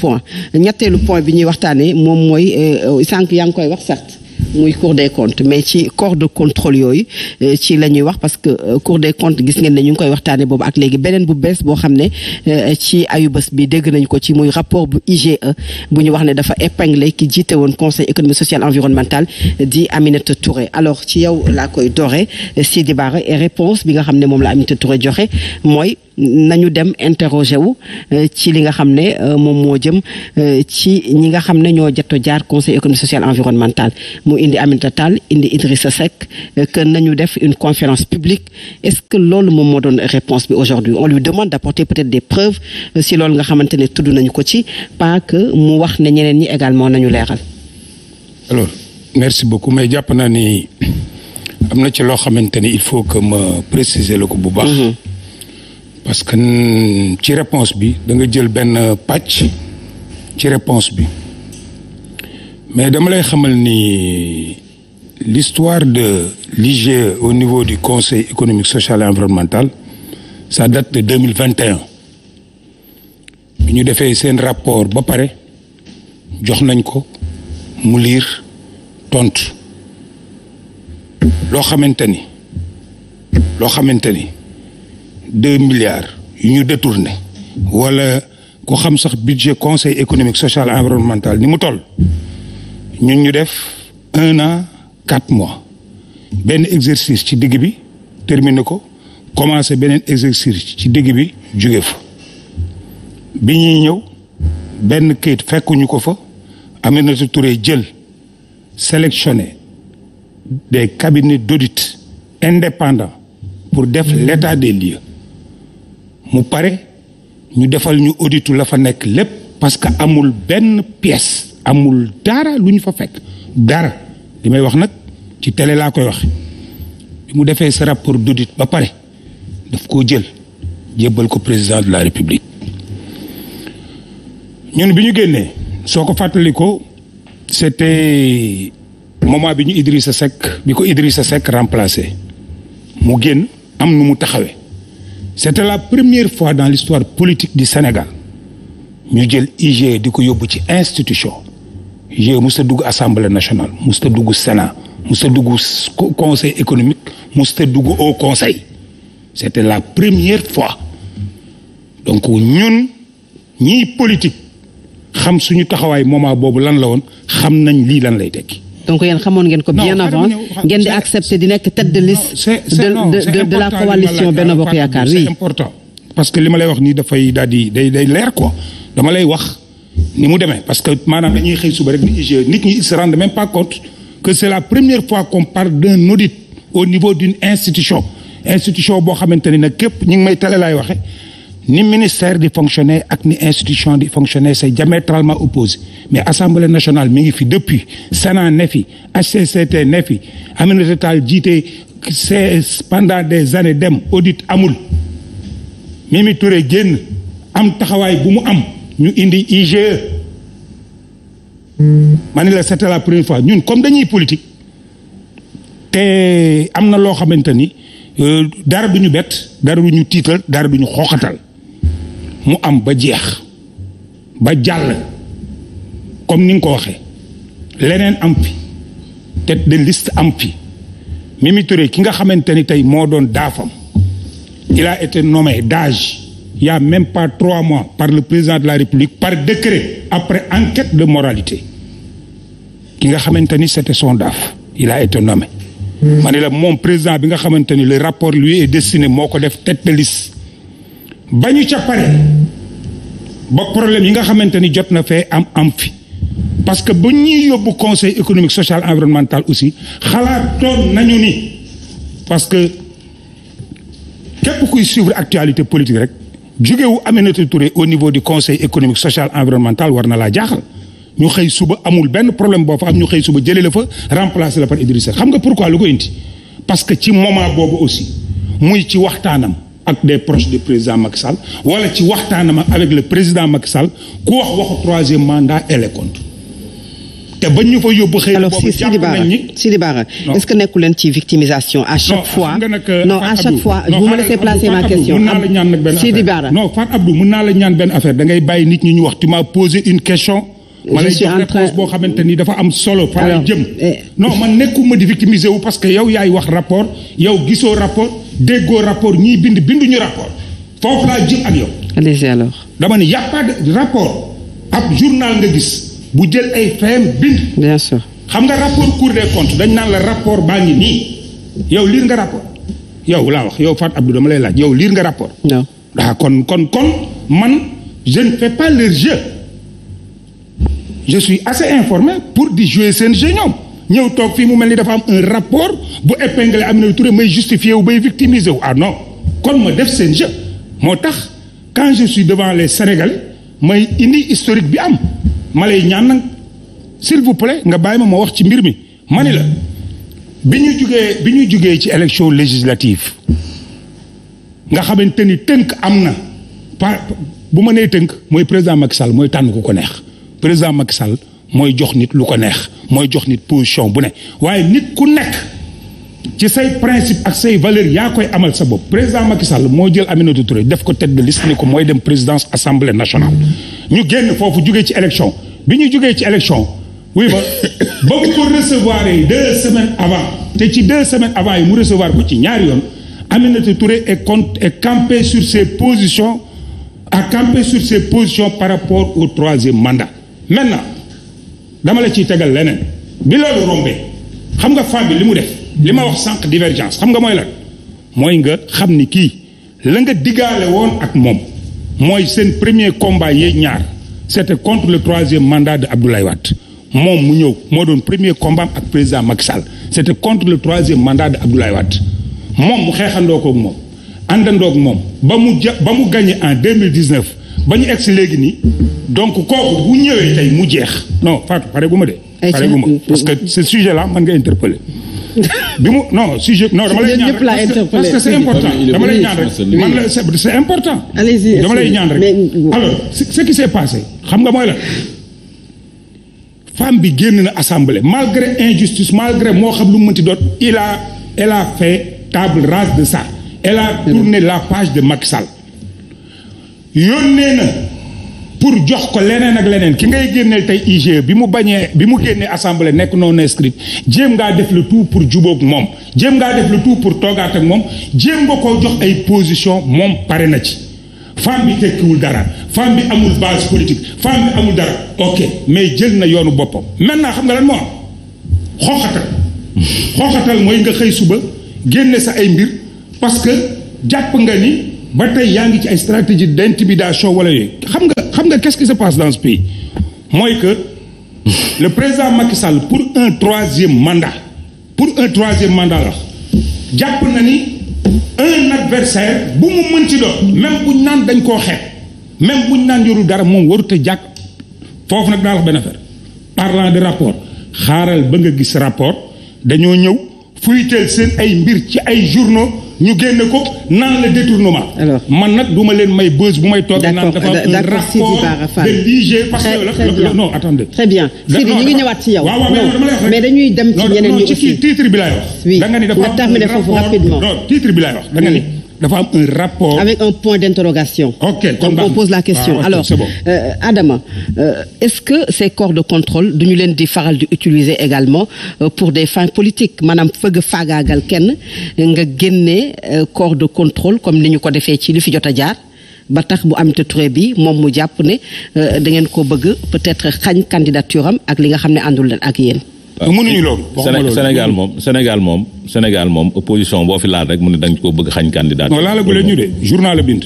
point ñetteelu point bi ñuy waxtaanee moom mooy euh, sànq yaa ngi koy wax sax muy cour des comptes mais ci corps de contrôle yooyu euh, ci la ñuy wax parce que euh, cour des comptes gis ngeen ne ñu ngi koy waxtaanee boobu ak léegi beneen bu bees boo xam ne ci ayubés bi dégg nañ ko ci muy rapport bu IGE bu ñu wax ne dafa épinglé ki jiite woon conseil économique social environnemental di Aminata Touré alors ci yow laa koy doore Sidi Bara et réponse bi nga xam ne moom la Aminata Touré joxe nañu dem interroger wu euh, ci li nga xam ne euh, moom moo jëm euh, ci ñi nga xam ne ñoo jot jaar conseil économique social environnemental mu indi Aminata Tall indi Idrissa Seck que nañu def une conférence publique est-ce que loolu moom moo doon réponse bi aujourd'hui on lui demande d'apporter peut-être des preuves si loolu nga xamante ne tudd nañu ko ci pas que mu wax ne ñeneen ñi également nañu leeral. alors merci beaucoup mais jàpp naa ni am na ci loo xamante ni il faut que ma préciser la ko bu baax. Mm-hmm. parce que ci réponse bi da nga jël benn pàcc ci réponse bi mais dama lay xamal ni l'histoire de l'IGE au niveau du conseil économique social et environnemental ça date de deux mille vingt ñu defee seen rapport ba pare jox nañ ko mu liir tontu loo xamante ni loo xamante ni. deux milliards yu ñu détourné wala ku xam sax budget conseil économique social environnemental ni mu toll ñun ñu def un an quatre mois benn exercice ci digg bi terminé ko commencé beneen exercice ci digg bi jóge fa bi ñuy ñëw benn kayit fekkuñu ko fa Aminata Touré jël sélectionné des cabinets d'audit indépendant pour def l'état des lieux mu pare ñu defal ñu auditu la fa nekk lépp parce que amul benn pièce amul dara lu ñu fa fekk dara li may wax nag ci tele laa koy wax bi mu defee sa rapport d'audit ba pare daf koo jël jébbal ko président de la république ñun bi ñu génnee soo ko fàttalikoo c'était moment bi ñu Idrissa Seck bi ko Idrissa Seck remplacé mu génn am nu mu taxawee c'était la première fois dans l'histoire politique du Sénégal ñu jël IGE di ko yóbbu ci institution IGE musta dugg assemblée nationale musta dugg sénat musta duggu conseil économique musta dugg au conseil c'était la première fois donc ñun ñiy politique xam suñu taxawaay moment boobu lan la woon xam nañ lii lan lay tekki donc yéen xamoon ngeen ko bien avant ngeen di accepter di nekk tête de liste la coalition Benno Bokk Yaakaar parce que li ma lay wax nii dafay daal di day day leer quoi dama lay wax ni mu demee parce que maanaam dañuy xëy suba rek ni nit ñi ils se rendent même pas compte que c'est la première fois qu'on parle d'un audit au niveau d'une institution institution boo xamante ni nag képp ñi ngi may tale laay waxe ni ministère di fonctionner ak ni institution di fonctionner c'est diamétralement opposé mais assemblée nationale mi ngi fi depuis Sénat nefi fi HCCT ne fi Aminata jiite c'est pendant des années dem audit amul Mimi Touré génn am taxawaay bu mu am ñu indi IGE ma ne la c'était la première fois ñun comme dañuy politique te am na loo xamante ni euh, dara du ñu bett dara du ñu tiital dara du ñu xooxatal mu am ba jeex ba jàll comme ni nga ko waxee leneen am fi de liste am fi Mimi ki nga xamante ni tey moo doon daafam il a été nommé d'âge il même pas trois mois par le président de la République par décret après enquête de moralité ki nga xamante ni c'était son daaf il a été nommé hmm. ma ne la moom président bi nga xamante ni le rapport lui est destiné moo ko def tête de liste ba ñu ca pare ba problème yi nga xamante ni jot na fee am am fi parce que bu ñuy yóbbu conseil économique social environnemental aussi xalaatoon nañu ni parce que képp kuy suivre actualité politique rek jógewu Aminata Touré au niveau du conseil économique social environnemental war na laa jaaxal ñu xëy suba amul benn problème boo fa am ñu xëy suba jëlee la fa remplacer la par Idrissa xam nga pourquoi lu ko indi parce que ci moment boobu aussi muy ci waxtaanam. ak des proches du président Macky Sall wala ci waxtaanam avec le président Macky Sall ku wax waxu troisième mandat elle est contre te bañ ñu fa yóbbu xëy alors si Sidi est-ce que nekku leen ci victimisation à chaque fois euh, vous me laissez placer ma question mën naa la ñaan benn affaire Sidi bàyyi nit ñi ñu wax tu une question je suis en train boo xamante ni dafa am solo. fa lay jëm eh. non man nekkuma di victimiser wu parce que yow yaay wax rapport yow gisoo rapport déggoo rapport ñiy bind binduñu rapport foofu laa jëm ak yow. allez alors. dama ne y' a pas de rapport ab journal nga gis bu jël ay feem bind. bien xam nga rapport Cour des comptes dañ naan la rapport baa ngi nii yow liir nga rapport yow laa wax yow Fatou Abdou dama lay laaj yow liir nga rapport. non ah kon kon kon man je ne je suis assez informé pour di jouer seen jeu ñoom ñëw toog fii mu mel ni dafa am un rapport bu am na Touré may justifié wu bay victimisé wu ah non kon ma def seen jeu moo tax quand je suis devant les Sénégalais may indi historique bi am ma lay ñaan nag s'il vous nga bàyyi ma ma wax ci mbir mi ma ni la bi ñu jugee bi ñu jugee ci élection législative nga xamante ni tënk am na par bu ma nee tënk mooy président Macky Sall mooy tànn ku ko neex président Macky Sall mooy jox nit lu ko neex mooy jox nit position bu ne waaye nit ku nekk ci say principe ak say valeur yaa koy amal sa bopp président Macky Sall moo jël Aminata Touré def ko tête de liste ni ko mooy dem présidence assemblée nationale. ñu génn foofu jugee ci élection bi ñu jugee ci élection ba ba mu ko recevoir deux semaines avant te ci deux semaine avant yi mu recevoir ko ci ñaari yoon Aminata Touré est compte est campé sur ses positions a campé sur ses par rapport au troisième mandat. maintenant dama la ciy tegal leneen bi loolu rombee xam nga femme bi li mu def li ma wax sànq divergence xam nga mooy la mooy nga xam ni kii la nga diggaale woon ak moom mooy seen premier combat yee ñaar c'était contre le troisième mandat de Abdoulaye Wade moom mu ñëw moo doon premier combat ak président Macky Sall c'était contre le troisième mandat de Abdoulaye Wade moom mu xeexandoo koog moom àndandoog moom ba mu ja ba mu gagné en 2019 ba ñu egg si léegi nii donc kooku bu ñëwee tey mu jeex no Fatou pare gu ma de. pare gu parce que ce sujet là mën nga interpeller bi mu non sujet no dama lay ñaan rek parce que c'est important dama lay ñaan rek man la c'est important. dama lay ñaan rek alors ce qui s'est passé xam nga mooy la femme bi génne na assemblée malgré injustice malgré moo xam lu mu mënti doot il a elle a fait table rase de ça elle a tourné la page de Macky Sall. yónnee na pour jox ko leneen ak leneen ki ngay génneel tey IGE bi mu bañee bi mu génnee assemblé nekk non inscrit jéem ngaa def le tout pour jubóog moom jéem ngaa def le tout pour toogaat ak moom jéem nga koo jox ay position moom pare na ci femme bi tekkiwul dara femme bi amul base politique femme bi amul dara ok mais jël na yoonu boppam maintenant xam nga lan moo am xooxatal xooxatal mooy nga xëy suba génne sa ay mbir parce que jàpp nga ni ba tey yaa ngi ci ay stratégie d'intimidation wala yooyu xam nga xam nga qu'est-ce qui se passe dans ce pays mooy que le président Macky Sall pour un troisième mandat pour un troisième mandat la jàpp na ni un adversaire bu mu mënti doon même buñ naan dañ koo xeeb même buñ naan yoru dara moom warut jàkk foofu nag daa wax benn affaire parlant de rapport xaaral ba nga gis rapport dañoo ñëw fuy seen ay mbir ci ay journaux ñu génne ko naan la détournement. man nag du ma leen may buzz bu may toog. naan dafa un rapport de l'IG parce que non attendez. très bien Sidi ñu ngi ñëwaat ci yow. mais dañuy dem ci ñeneen ñi aussi non non ci titre bi dafa am un dafa am un rapport. avec un point d'interrogation. ok donc on pose la question ah, okay, alors euh, Adama euh, est-ce que ces corps de contrôle duñu leen di faral di utiliser également euh, pour des fins politiques maanaam fëgg faagaagal kenn nga génnee euh, corps de contrôle comme ni ñu ko defee ci li fi jot a jaar. ba tax bu Aminata Touré bi moom mu jàpp ne da ngeen ko bëgg peut-être xañ candidature am ak li nga xam ne àndul leen ak yéen. mënuñu loolu. Sénégal moom Sénégal moom Sénégal moom opposition boo fi laal rek mu ne danga ko bëgg xañ candidat. non laalagu leen ñu de journal bind.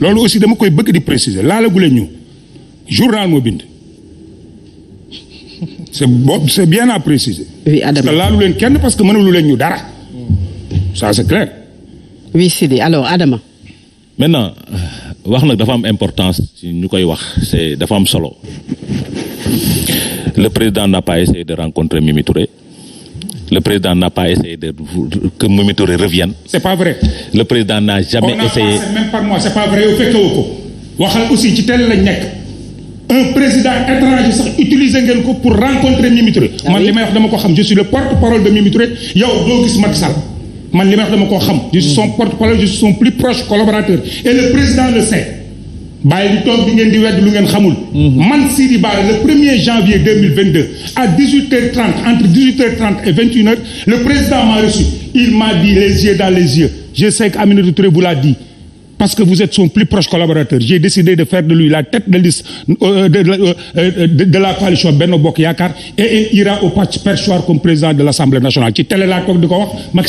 loolu aussi dama koy bëgg di préciser laalagu leen ñu journal moo bind. c'est bon c'est bien à préciser. laalu leen kenn parce que mënalu leen ñu dara. ça c'est clair. oui Adama. maintenant wax nag dafa am importance ci ñu koy wax c'est dafa am solo. Le président n'a pas essayé de rencontrer Mimi Le président n'a pas essayé de, que Mimi revienne. C'est pas vrai. Le président n'a jamais On a essayé. c'est pas vrai. Au fait que waxal aussi ci tel la nekk un président étranger sax utiliser ngeen ko pour rencontrer Mimi Touré. Ah man li may wax dama ko xam je suis le porte-parole de Mimi Touré yow doo gis Macky Sall man li may wax dama ko xam. je suis son hmm. porte-parole je suis bàyyi di toog di ngeen di wedd lu ngeen xamul. Mhm. man Sidi Bara le premier mille vingt deux à dix huit heures trente entre dix huit heures trente et vingt une que Aminata Touré vous l'a dit parce que vous êtes son plus proche collaborateur j'ai décidé de faire de lui la tête de liste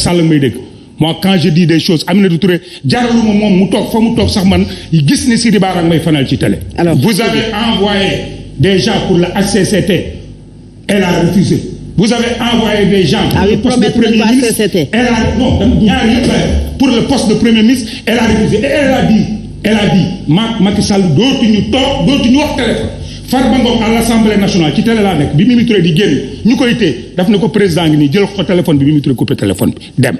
la may dégg. moi di je dis am na Aminata Touré jaraluma moom mu toog fa mu toog sax man gis ne Sidi Bara may fanal ci tele alors vous avez envoyé des gens pour la HCCT elle a refusé. vous avez envoyé des gens. pour ah le poste de premier ministre elle pour le poste de premier ministre elle a refusé et elle a dit elle a dit Mack Macky Sall dootuñu toog dootuñu wax téléphone. Farba Ngom à l'Assemblée nationale ci télé laa nekk bi Mimi Touré di génn ñu koy te daf ne ko président ngi nii jël ko téléphone bi mu Touré coupé téléphone bi dem.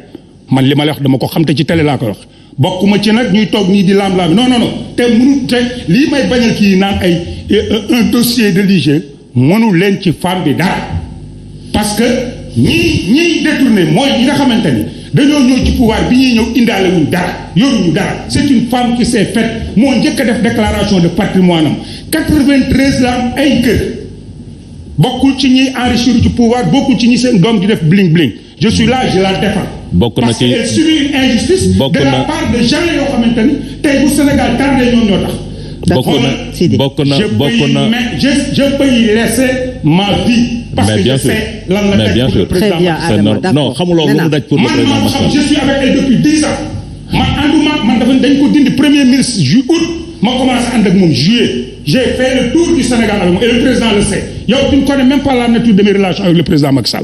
man li ma lay wax dama ko xam ci télé laa koy wax bokkuma ci nag ñuy toog nii di laam-laam non non non te mënu te lii may bañal kii naan ay eh, eh, un dossier de l'IGE mënu leen ci femme bi dara parce que ñi ñiy détourné mooy ñi nga xamante ni dañoo ñëw ci pouvoir bi ñuy ñëw indaale wuñ dara yoruñu dara c'est une femme qui s'est faite moo njëkk def déclaration de patrimoine am 93 la am ay kër bokkul ci ñiy enrichir ci pouvoir bokkul ci ñi seen doom di def bling bling je suis là je la bokk na ci parce que subir une injustice. bokk na de la part de gens na bokk na je je peux y laisser ma vie. parce que je sais lan la daj pour le président Macky Sall non xamuloo lu le président Macky Sall je suis avec elle depuis dix ans. man ànduma man dafa dañ ko dindi premier ministre ju août ma commencé ànd ak moom juillet. j'ai fait le tour du Sénégal avec et le président le sait yow tu ne connais la nature de mes relations avec le président Macky Sall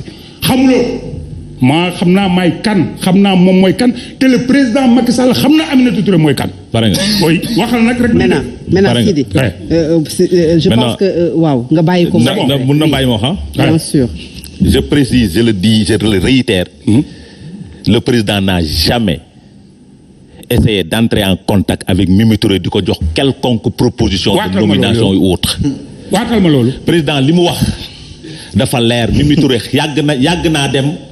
maa xam naa may kan xam naa moom mooy kan te le président Macky Sall xam na Aminata Touré mooy kan. pare nga oui waxal nag rek. maintenant maintenant Sidi. Euh, euh, je pense que euh, waaw nga bàyyi ko. mun na bàyyi ma wax ah? bien sûr. je le di je le réitère. Hmm? le président n'a jamais. essayer d'entrer en contact avec Mimi di ko jox quelconque proposition de nomination ou autre waatal ma loolu président li mu wax dafa leer Mimi Touré yàgg na yàgg naa dem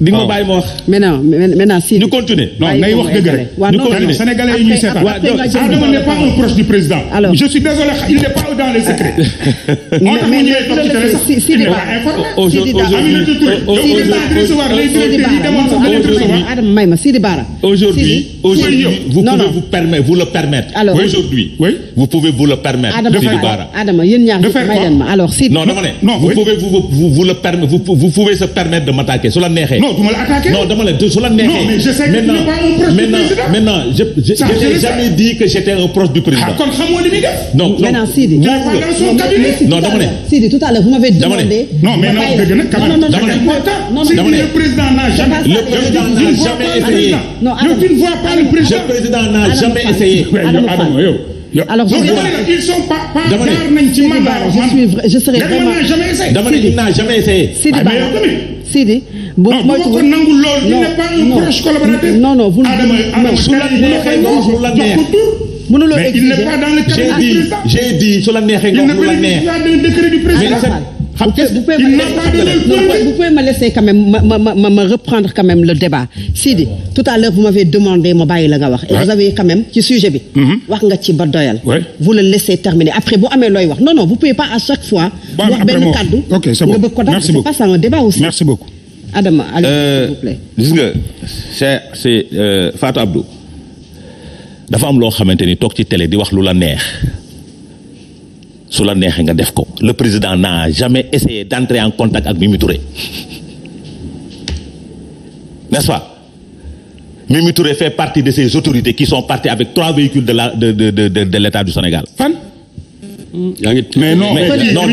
ni nga ma bàyyi ma wax. maintenant maintenant si. ñu non ngay wax dëgg rek. ñu continuer sénégalais yi ñuy seetaan. Adama n'est pas un proche du président. alors je suis désolé il n'est pas dans les secrets. moo tax ñu ñëwee toog ci télé sax. il n'est pas informé. Sidi Ba Aminata Touré. ma Sidi Bara. aujourd'hui vous pouvez vous permettre de m'attaquer su la neexee. non du ma la attaqué. non dama la su la neexee. non mais je sais que tu n'es pas un proche du président. maintenant je je je n'ai jamais dit que j'étais un proche du président. ah kon xamoo li muy def. non non maintenant Sidi. non non dama ne. Sidi tout à l'heure vous m'avez demandé. non mais non dëgg na quand même. dama ne dama ne le président n'a jamais. le président n'a jamais essayé. non Adama tu ne vois pas le président. le président n'a jamais essayé. Adama yow. alors que ils sont pas pas jaar nañ ci mandat. je suis je serai vraiment dama ne il n'a jamais essayé. Sidi Ba Sidi. bu ma ko nangu lool il n'est pas un proche collaborateur. non non vous ah, ah, non su la neexee nga wax lu la neex. mënuloo exiger j'ai dit j'ai dit su la neexee nga wax lu la neex. Vous pouvez, vous, pouvez me laisser, non, vous pouvez me laisser quand même ma ma ma ma reprendre quand même le débat Sidi tout à l'heure vous m'avez demandé ma bàyyi la nga wax. et vous avez quand même ci sujet bi. Mm-hmm. wax nga ci ba doyal. vous le laissez terminer après bu amee looy wax non non vous pouvez pas à chaque fois. wax benn kàddu. ok c'est bon merci beaucoup nga bëgg ko def c'est pas ça un débat aussi. merci beaucoup. Adama allez s'il nga c'est c'est Fatou Abdou dafa am loo xamante ni toog ci télé di wax lu la neex su la neexee nga def ko le président n'a jamais essayé d'entrer en contact ak Mimi Touré n'est-ce pas Mimi Touré fait partie de ces autorités qui sont parties avec trois véhicules de la de de de de, de l'État du Sénégal. fan. yaa ngi mais non mais non.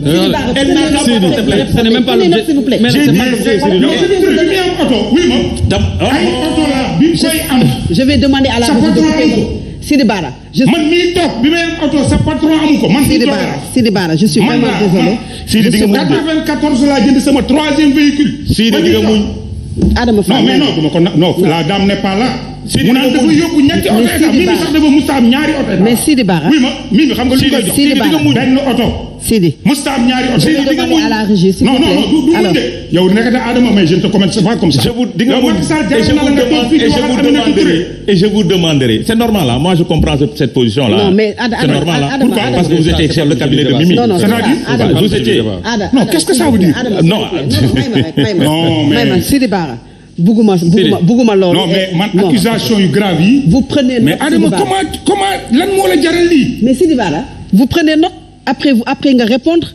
je vais demander à la Sidi Bara. je man mii toog bi may am oto sa patron amu ko man. Sidi Bara Sidi Bara je suis vraiment désolé. Sidi di nga muñ de 94 laa jënd sama troisième véhicule. Sidi di nga muñ. Adama Fall non mais non non la dame n'est pas là. Sidi Bara mu naan dafa yóbbu ñetti oto yi sax mi ngi sax dafa musa am ñaari oto. mais Sidi Bara oui ma mi ngi xam nga lu ñu koy jox Sidi di nga muñ benn oto. Sidi. Moustapha ñaari oto. Sidi di nga mu à la régie s'il vous plaît. non non du yow nekk na Adama mais je ne te commence pas comme ça. je vous di nga mu et je vous demande et je vous demanderai et je vous demanderai c'est normal là moi je comprends cette position là. non mais Adama c'est normal là pourquoi parce que vous étiez chef de cabinet de Mimi. non non c'est-à-dire vous étiez. non qu'est-ce que ça veut dire. non ah, non mais Sidi Bara. bugguma bugguma bugguma loolu. non mais man accusation yu grave yi. vous prenez note mais Adama comment comment lan moo la jaral lii. mais Sidi Bara vous prenez note. après vous après nga répondre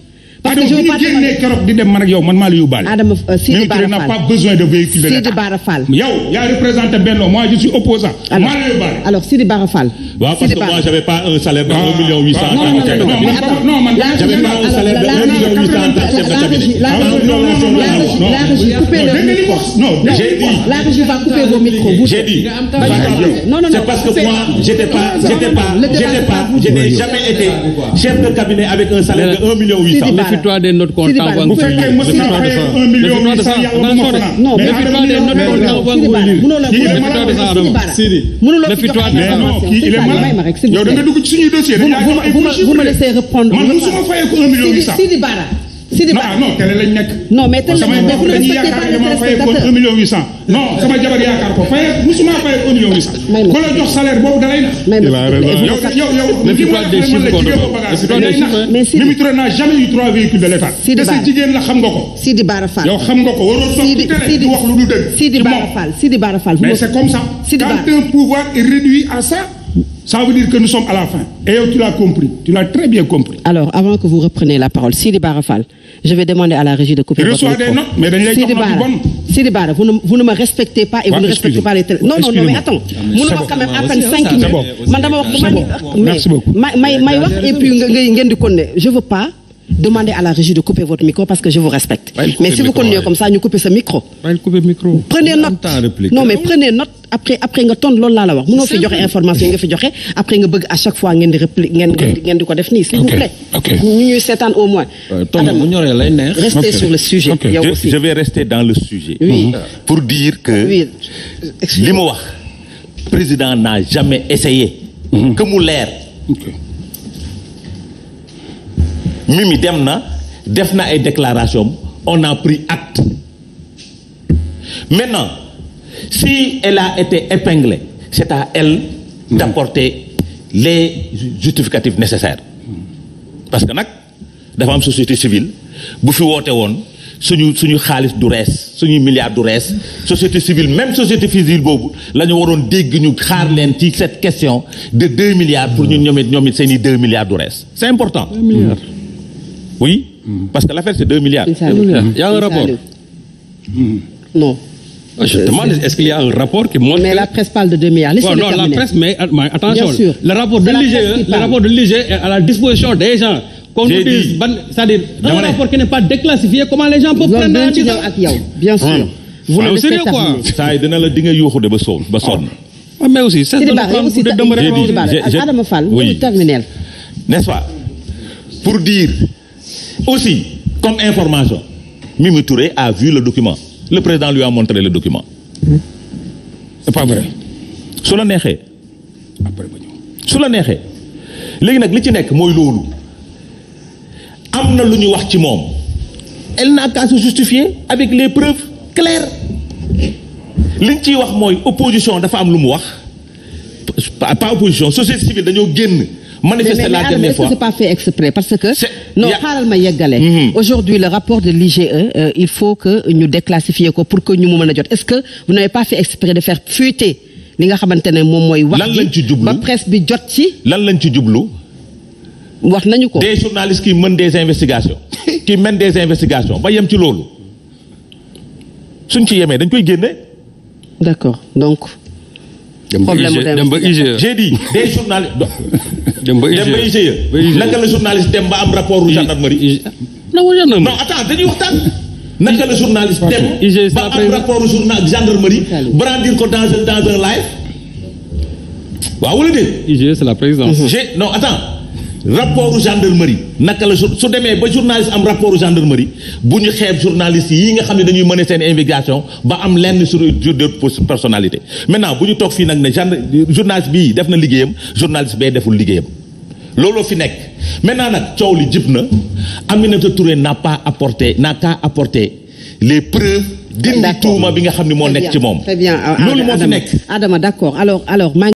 parce que je veux pas te génnee keroog di dem man ak yow man maa la yóbbaale. Adama Sidi Bara Fall n'a pas besoin de véhicule de Bara Fall. yow yaa représenté Benno moi je suis opposant. maa la yóbbaale. alors Sidi Bara Fall. waaw pas un salaire de 1 million 800. non non non man j'avais pas un salaire de 1 million 800 chef c'est parce que moi j'étais pas un salaire de 1 million 800. défie-toi des notes qu'on t'envoie bu fekkee mos na fayee un million huit cent yàlla bu ma ko naan non défie-toi des notes qu'on t'envoie nga koy lire défie-toi de ça non kii il est malade yow da nga dugg ci suñuy dossier vous me laissez reprendre man mosuma fayee ko un million huit cent Sidi Ba non ah, non télé lañ nekk. non mais télé lañ nekk dañuy yaakaar ne ma fayee ko 1 million 800. non sama jabar yaakaar ko fayee musuma fayee ko 1 million 800. may ma ko la jox salaire boobu dalay nax. may ma yow yow yow. ne fi toog des chiffres kon ne mais Sidi Mimi Touré n'a jamais eu trois véhicules de l'État. Sidi Ba te jigéen la xam nga ko. Sidi Bara Fall yow xam nga ko waroo toog ci télé di wax lu dul dëgg. Sidi Bara Fall Sidi Bara Fall mais c'est comme ça. Sidi Bara quand un pouvoir est réduit à ça. Ça veut nous sommes à la fin. Et tu l'as compris. Tu l'as très bien compris. Alors, avant que vous repreniez la parole, Sidi Barafal, je vais demander à la régie de couper votre micro. des notes, mais Sidi vous, ne, me respectez pas et vous ne respectez pas les... Non, non, non, mais attends. Vous nous quand même à peine 5 minutes. Merci beaucoup. Je ne veux pas demandez à la régie de couper votre micro parce que je vous respecte. mais si vous continuez comme ça ñu couper sa micro. prenez note non mais prenez note après nga tontu loolu laa la wax mënoo fi joxe information nga fi joxe après nga bëgg à chaque fois ngeen di ko def nii s'il vous plaît. ñu ñuy seetaan au moins. Euh, restez sur le sujet. yow aussi je vais rester dans le sujet. Mhm. pour dire que. li mu wax président n'a jamais essayé. Mhm. que mu leer. mi dem na def na ay déclaration on a pris acte maintenant si elle a été épinglée c'est à elle d'apporter les justificatifs nécessaires parce que nag dafa am société civile bu fi woote woon suñu suñu xaalis du rees suñu milliard du rees société civile même société civile boobu la ñu waroon dégg ñu xaar leen ci cette question de deux milliards pour ñu ñoom it ñoom milliards du rees c'est important. Deux milliards. oui parce que l'affaire c'est 2 milliards. Il y a un rapport. Non. Ah, est-ce qu'il y a un rapport qui montre. la presse parle de 2 milliards. Laissez-le non, la presse, ah, mais, attention. Bien Le rapport de l'IGE, le rapport de l'IGE est à la disposition des gens. c'est-à-dire, un rapport qui n'est pas déclassifié, comment les gens peuvent prendre la Bien sûr. Vous le savez a donné le dingue de Besson. Ah. Mais aussi, de Adama Fall, N'est-ce pas Pour dire Aussi, comme information, Mimi Touré a vu le document. Le président lui a montré le document. C'est pas su la neexee après ma su la neexee léegi nag li ci nekk mooy loolu am na lu ñu wax ci moom elle n'a qu'à se justifier avec les preuves claires liñ ciy wax mooy opposition dafa am lu mu wax pas opposition société civile dañoo génn manifester la dernière fois mais c'est pas fait exprès parce que. non xaaral ma yeggale. Mhm. aujourd'hui le rapport de l'IGE euh, il faut que ñu déclassifier ko pour que ñu mu mën a jot est-ce que vous n'avez pas fait exprès de faire fuiter li nga xamante ne moom mooy. wax ji ba presse bi jot ci. lan lañ ci jublu. wax nañu ko des journalistes qui mènent des investigations qui mènent des investigations ba yem ci loolu suñ ci yemee dañ koy génne. d'accord donc. problème mu e, dem ba IGE j'ai dem ba IGE naka la journaliste dem ba am rapport gendarmerie. non attends dañuy waxtaan. naka la journaliste dem ba am rapport journal gendarmerie brandir ko dans un dans un live. waaw wala déet. IGE c'est la présidence. non attends. rapportu gendarmerie naka la su demee ba journaliste am rapportu gendarmerie bu ñu xeeb journaliste yi nga xam ne dañuy mener seen investigation ba am lenn su sur d'autres personnalité maintenant bu ñu toog fii nag ne genre journaliste bii def na liggéeyam journaliste bee deful liggéeyam looloo fi nekk maintenant nag coow li jib na Aminata Touré n'a pas apporté n'a qu'à apporter les preuves dindi tuuma bi nga xam ni moo nekk ci moom. très bien loolu moo fi nekk Adama d'accord alors